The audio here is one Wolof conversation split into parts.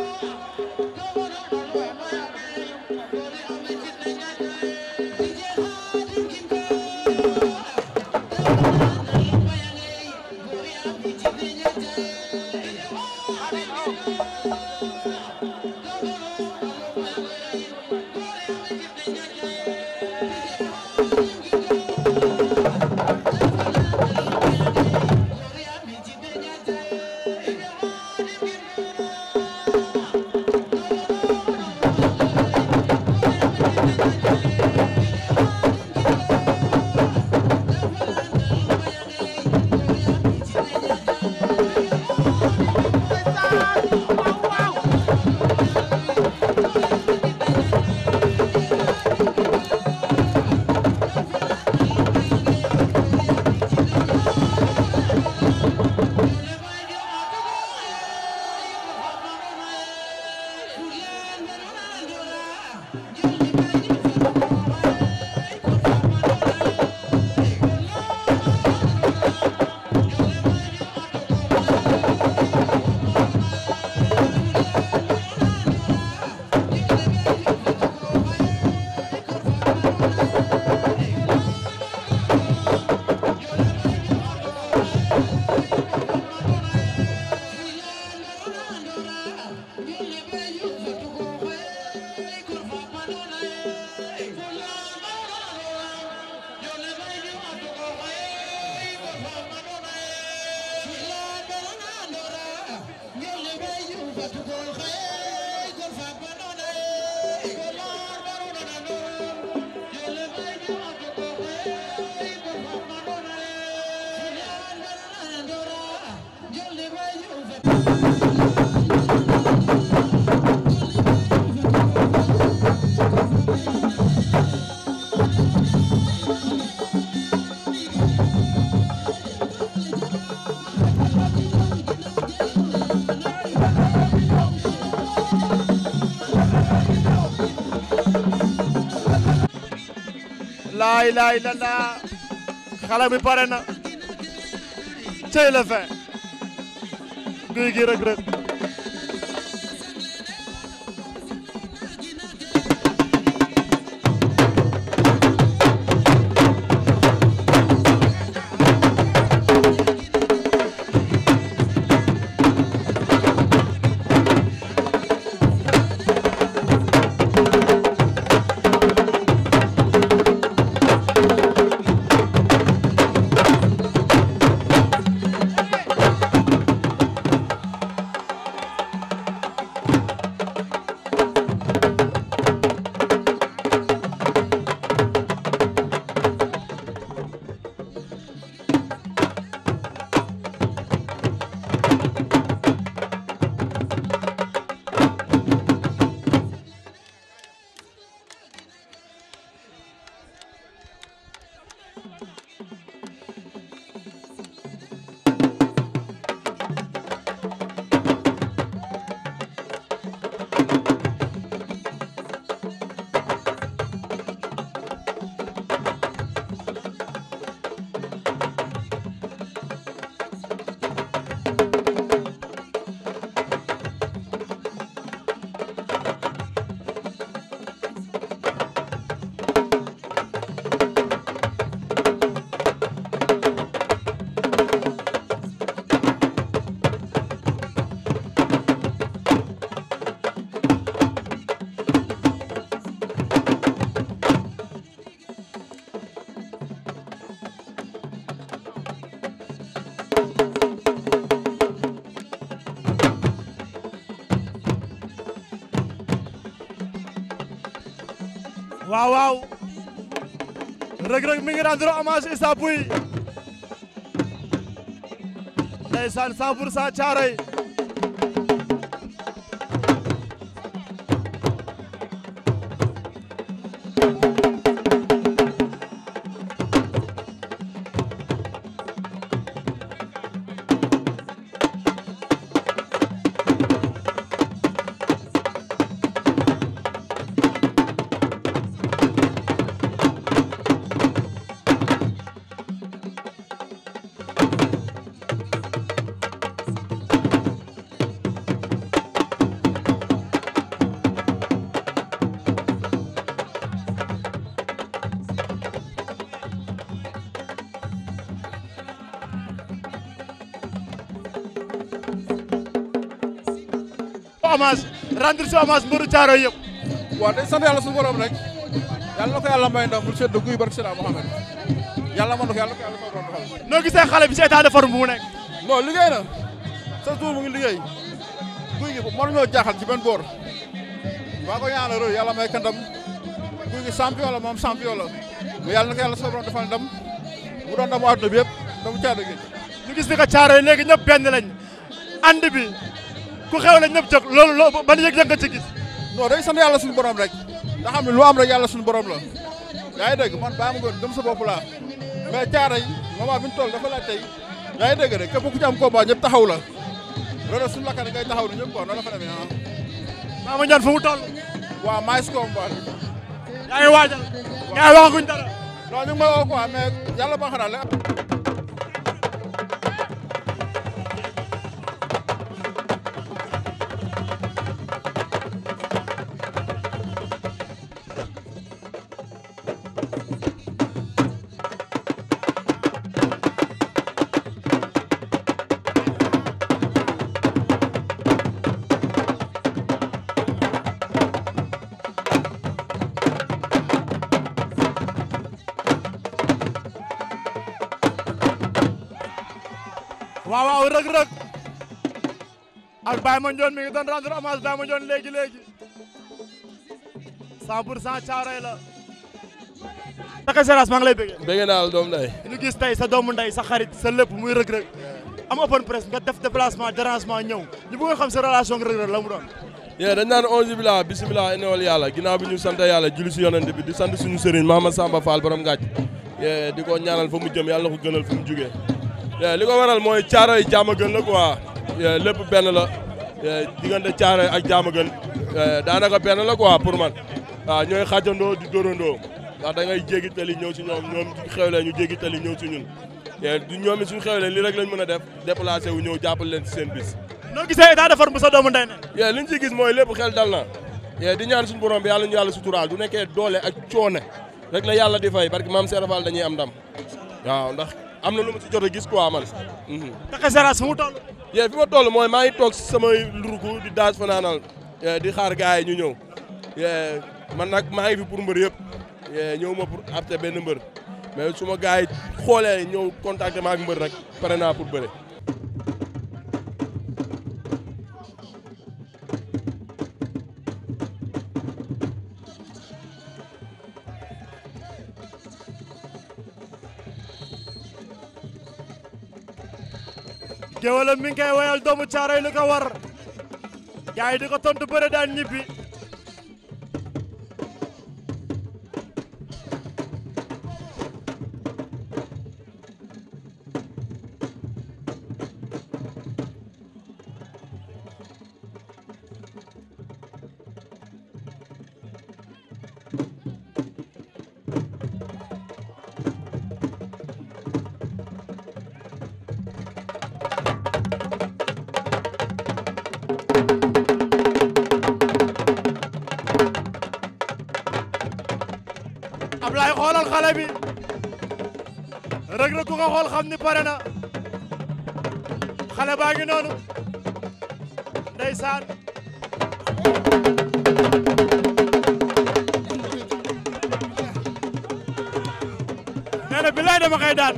Música laa ilaaha illallaah xale bi na cey la fin guy gi rëg Thank you. kaw Reug Reug mi ngi rendre hommage Issa Pouye ndeysaan 100 pour 100 Thiaroye rendre si hommage mbëru caaro yëpp. waaw day sant yàlla suñu borom rek yàlla na ko yàlla may ndox bu sedd guy barke Seydina Mohamed yàlla mën na ko yàlla ko yàlla may borom defal. noo gisee xale bi si état de forme bu mu sa tour mu ngi liggéey guy gi mën ñoo jaaxal ci benn boor maa ko ñaanal loolu yàlla may ko guy gi champion la moom champion la mais yàlla ko yàlla suñu borom defal ndam mu doon ndamu àdduna bi yëpp ndamu gis ni ko caaro yi léegi ñëpp ku xew la ñëpp jóg loolu loo ban yëg-yëg nga ci gis. non day sant yàlla suñu borom rek nga xam ne lu am rek yàlla suñu borom la yaa ngi dégg man baa ma gën sa bopp laa mais caara yi moment bi ñu toll dafa laaj tey yaa ngi dégg rek képp ku ci am combat ñëpp taxaw la loolu suñu lakk ne ngay taxaw ni ñëpp quoi noonu la fa demee ah. maa ma ñaan fu mu toll. waaw maa ngi si combat. yaa ngi waajal. waaw yaa ngi waxaguñ dara. non ñu ngi may woo quoi mais yàlla ginnaaw Reug Reug ak Baye Mandione mi ngi don rendre hommage Baye Mandione léegi léegi 100 pour la. Taka Seras maa ngi lay bëggee. bëggee naa la nday ñu gis tay sa doomu nday sa xarit sa lepp muy Reug Reug am open press nga def déplacement dérangement ñew ñu bëgg xam sa relation ak Reug Reug la mu doon. yee dañ nan 11 bila inna inewal yalla ginaaw bi ñu sante yalla julli ci yonent bi di sante suñu serigne Mama Samba Fall borom gàcc di diko ñaanal fa mu jëm yalla ko gënal fu mu jugee. li ko waral mooy caaro yi jaama gën la quoi lépp benn la diggante caaro yi ak jaama gën daanaka benn la quoi pour man waaw ah, ñooy xàccandoo di dóorandoo ndax da ngay jéggi tali ñëw si ñoom ñoom suñu xewlee ñu jéggi tali ñëw si ñun du ñoom it suñu xewlee lii rek lañ mën a def déplacé wu ñëw jàppale leen si seen bis. noo gisee état de forme bu sa doomu ndey na. li ñu si gis mooy lépp xel dal na di ñaan suñu borom bi yàlla ñu yàlla suturaal du nekkee doole ak coone rek yàlla di fay parce que maam Serapal dañuy am ndam waaw ndax am na lu ma ci jot a gis quoi man. Mhm. taxe sera su mu toll. yee fi ma toll mooy maa ngi toog samay luruku di daas fanaanal di xaar gars yi ñu ñëw man nag maa ngi fi pour mbër yëpp ñëw ma pour apte benn mbër mais suma ma gars yi xoolee ñëw contacté ma ak mbër rek pare naa pour bëre. géwalam mi ngi koy wayal doomu caaray lu war gars yi di ko tontu bëre daan ñibbi xoolal xale bi Reug Reug ku ko xool xam ni pare na xale baa ngi noonu ndeysaan nee na bilaay dama koy daan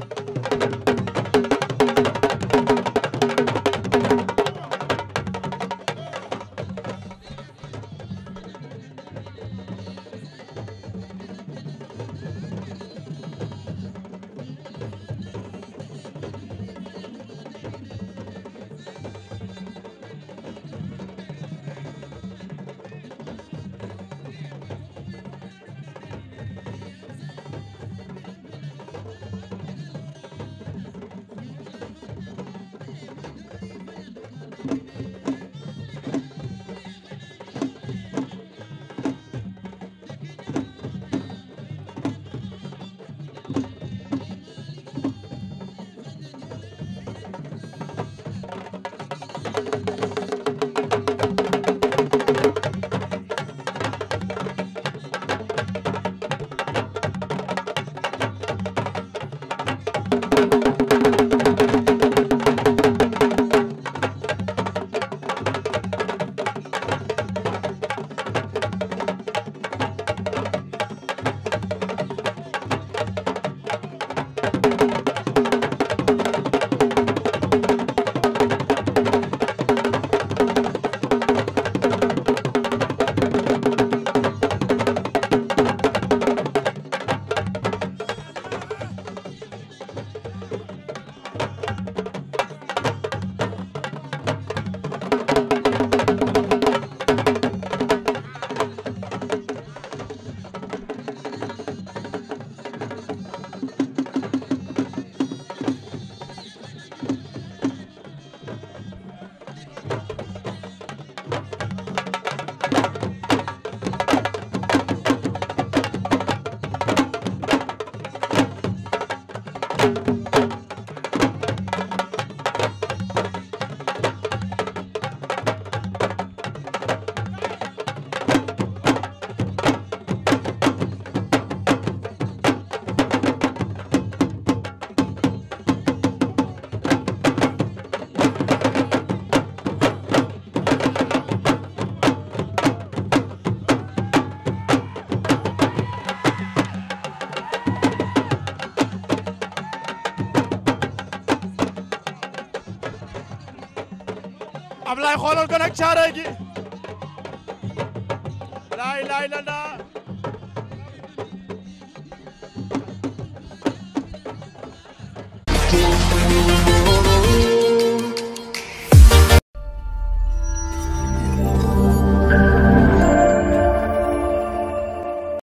Thank you. Ablaye xoolal ko nag caare gi laay laay la